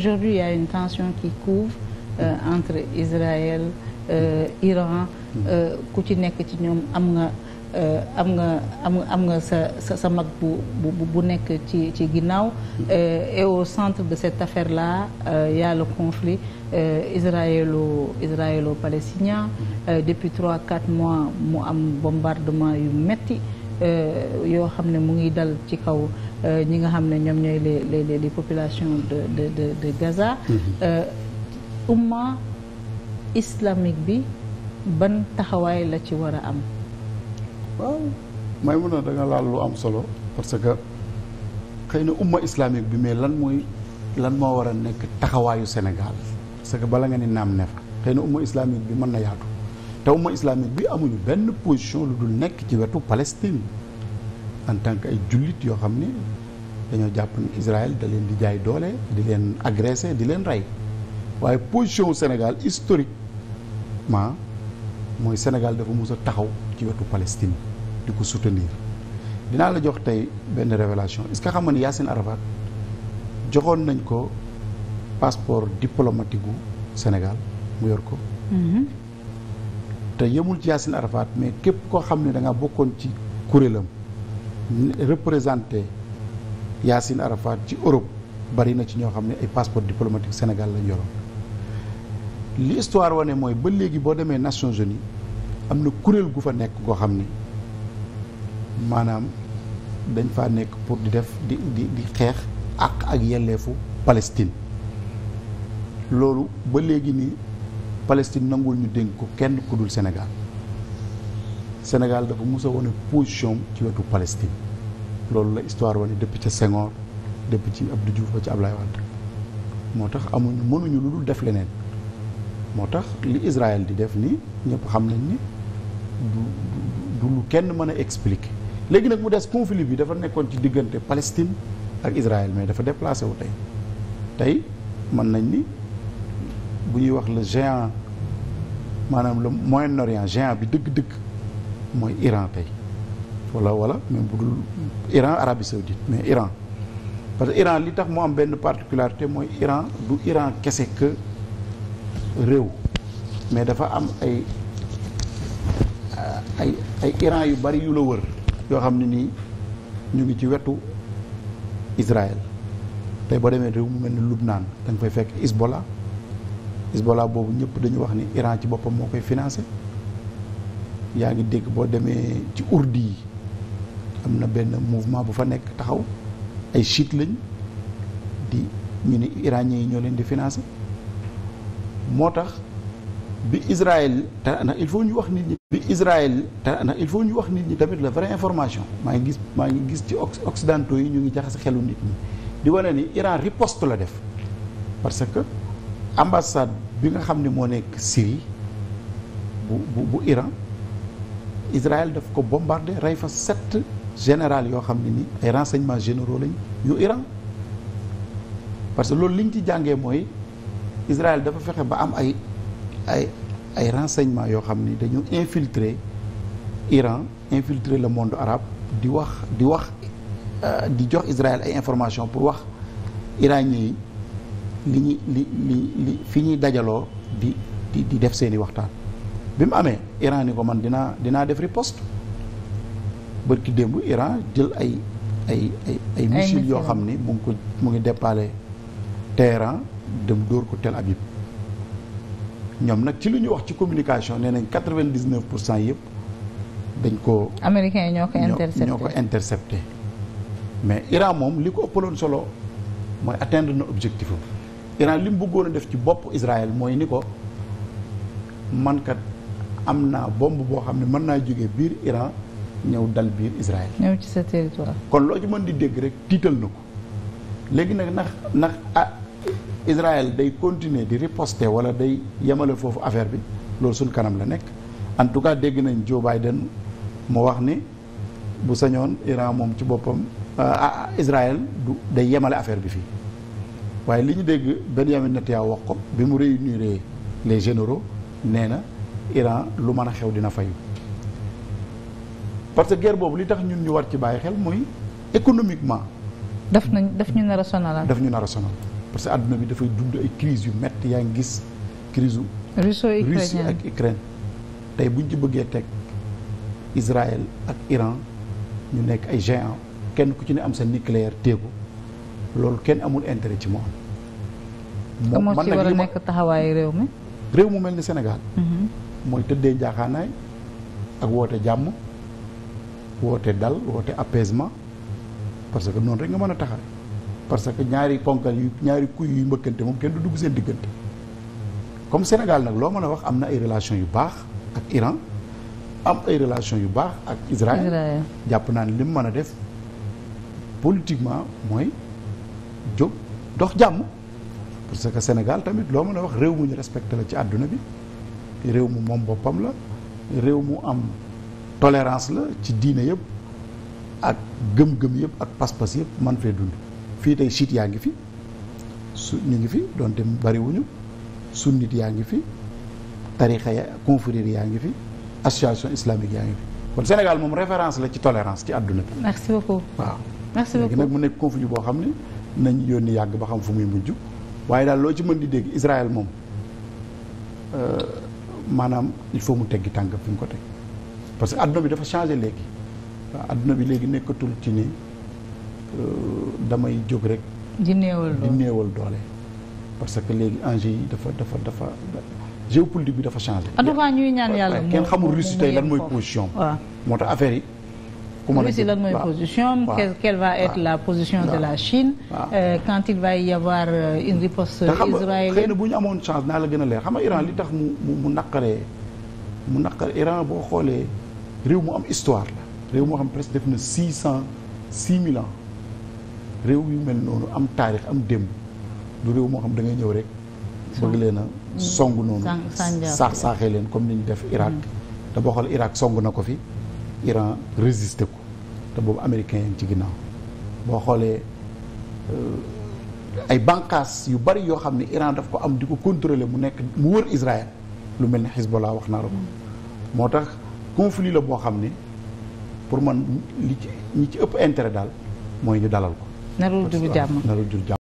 Aujourd'hui, il y a une tension qui couvre euh, entre Israël, euh, Iran, euh, ku ci nekk ci ñoom euh, am nga am nga am nga sa sa sa mag bu bu nekk ci ci ginnaaw. Et au centre de cette affaire-là, il y a le conflit israélo israélo-palestinien. Depuis trois quatre mois mu am bombardement yu metti Euh, yoo xam ne mu ngi dal ci kaw euh, ñi nga xam ne ñoom ñooy les les les population de de de de Gaza. Mm-hmm. Euh, umma islamique bi ban taxawaay la ci war a am. waaw may mun a da nga laal lu am solo parce que xëy na umma islamique bi mais lan mooy lan moo war a nekk taxawaayu Sénégal parce que bala nga ni naam ne fa xëy na umma islamique bi mën na yaatu. te umma islamique bi amuñu benn position lu dul nekk ci wetu Palestine en tant que ay jullit yoo xam ni dañoo jàpp ne Israël da leen di jaay doole di leen agressé di leen rey waaye position wu Sénégal historiquement mooy Sénégal dafa mus a taxaw ci wetu Palestine di ko soutenir dinaa la jox tey benn révélation est-ce que xam nga joxoon nañ ko passeport diplomatique gu mu yor ko. Mm-hmm. te yemul ci Yacine Arafat mais képp koo xam ne da nga bokkoon ci kuréelam représenté Yacine Arafat ci Europe bari na ci ñoo xam ne ay passeport diplomatique Sénégal lañ yoroon li histoire wane mooy ba léegi boo demee Nations uni am na kuréel gu fa nekk goo xam ni maanaam dañ fa nekk pour di def di di di xeex ak ak yelleefu Palestine loolu ba léegi nii Palestine nangul ñu dénk ko kenn ku dul Sénégal Sénégal dafa mus a wane position ci wetu Palestine loolu la histoire wane dëpp ca Senghor depuis ci Abdou Diouf ba ci Ablaye Wade moo tax amuñu mënuñu lu dul def leneen moo tax li Israël di def nii ñëpp xam nañ ni du du lu kenn mën a expliquer léegi nag mu des conflit bi dafa nekkoon ci diggante Palestine ak Israël mais dafa déplacé wu tey tey mën nañ ni bu ñuy wax le géant maanaam le Moyen-Orient géant bi dëgg-dëgg mooy Iran tey wala wala même bu dul Iran Arabie Saoudite mais Iran parce que Iran li tax mu am benn particularité mooy Iran du Iran kese que réew mais dafa am ay ay ay Iran yu bari yu la wër yoo xam ne nii ñu ngi ci wetu Israël tey boo demee réew mu mel ni Lubnaan naan nga fay fekk isbola Hezbollah boobu ñëpp dañu wax ni Iran ci boppam moo koy financé yaa ngi dégg boo demee ci urdi yi am na benn mouvement bu fa nekk taxaw ay chiite lañ di ñu ni iranien yi ñoo leen di finance moo tax bi Israël te ndax il faut ñu wax nit ñi bi te ndax il faut ñu wax nit ñi tamit la vraie information maa ngi gis maa ngi gis ci ox occidentaux yi ñu ngi jaxase xelu nit ñi di wane ni Iran riposte la def parce que ambassade bi nga xam ne moo nekk Syrie bu bu bu Iran Israël daf ko bombardé rey fa sept général yoo xam ne ni ay renseignements généraux lañ yu Iran parce que loolu li liñ ci jàngee mooy Israël dafa fexe ba am ay ay ay yoo xam ni dañu infiltrer Iran infiltrer le monde arab di wax di wax euh, di jox Israël ay informations pour wax iranien yi li ñu li li li fi ñuy dajaloo di di di def seeni waxtaan bi mu amee Iran ni ko man dinaa dinaa def riposte bërki démb Iran jël ay ay ay ay yoo xam ni mu ngi ko mu ngi déppale Téhéran dem dóor ko Tel Aviv ñoom nag ci lu ñu wax ci communication nee nag quatre vingt pour cent yëpp dañ ko américains yi ñoo ko intercepté mais Iran moom li ko ëppaloon solo mooy atteindre na objectif Iran li mu bëggoon a def ci bopp Israël mooy ni ko mankat am naa bomb boo xam ne mën naa jóge biir Iran ñëw dal biir Israël. kon loo ci mën di dégg rek tiital na ko léegi nag ndax ndax ah day continuer di riposter wala day yemale foofu affaire bi loolu suñ kanam la nekk en tout cas dégg nañ Joe Biden mu wax ni bu sañoon Iran moom ci boppam ah, ah Israël du day yemale affaire bi fii. waaye li ñu dégg Benyamin Netanyahu wax ko bi mu réunir les généraux nee na Iran lu mën a xew dina fayu parce que guerre boobu li tax ñun ñu war ci bàyyi xel mooy économiquement. daf nañ daf ñu nar a sonal daf ñu nar a sonal parce que àdduna bi dafay dund ay crise yu métti yaa ngi gis crise u Russie ak Ukraine tey buñ ci bëggee teg Israël ak Iran ñu nekk ay géant kenn ku ci ne am sa nucléaire téegu loolu kenn amul intérêt ci moom moo ci war a nekk taxawaayu réew mi réew mu mel ni Sénégal mm-hmm. mooy tëddee njaaxaanaay ak woote jàmm woote dal woote apaisement parce que noonu rek nga mën a taxawe parce que ñaari ponkal yu ñaari kuy yu mbëkkante moom kenn du dugg seen diggante comme Sénégal nag loo mën a wax am na ay relation yu baax ak Iran am ay relation yu baax ak Israël jàpp naa ne li mën a def politiquement mooy jóg dox jàmm parce que Sénégal tamit loo mën a wax réew mu ñu respecté la ci àdduna bi réew mu moom boppam la réew mu am tolérance la ci diine yëpp ak gëm-gëm yëpp ak pas-pas yëpp man fee dund fii tey sit yaa ngi fi su ñu ngi fi donte bariwuñu sunnit yaa ngi fi tarixa ya confrérie yaa ngi fi association islamique yaa ngi fi kon Sénégal moom référence la ci tolérance ci àdduna bi. merci beaucoup waaw. merci beaucoup nag mu nekk conflit boo xam ne nañ yónni yàgg ba xam fu muy waaye daal loo ci mën di dégg Israël moom euh, maanaam il faut mu teggi tànk fi mu ko teg parce que adduna bi dafa changé léegi waa àdduna bi léegi nekkatul ci ni euh, damay jóg rek. di néewal doole di doole. parce que léegi enjeu yi dafa dafa dafa géopolitique bi dafa changé. en tout cas ñuy ñaan yàlla kenn xamul Russie tey lan mooy position moo tax affaire yi. ku mën a si lan mooy position quelle va être la position de la Chine euh, quand il va y avoir euh, une riposte israélienne xëy na bu ñu amoon chance naa la gën a leer xam nga Iran li tax mu mu naqare mu naqare Iran boo xoolee réew mu am histoire la réew moo xam presque def na six cent six mille réew yu mel noonu am taarix am démb lu réew moo xam da ngay ñëw rek bëgg leen a song noonu saax saaxee leen comme ni ñu def Irak mm. te boo xool Irak song na ko fi Iran résisté ko te boobu américain yi ci ginnaaw boo xoolee euh, ay banqaas yu bari yoo xam ne Iran daf ko am di ko contrôler mu nekk mu wër Israël lu mel ni Hezbollah wax naa la ko moo tax conflit la boo xam ne pour man li ci ñi ci ëpp intérêt daal mooy ñu dalal ko narul jur jàmm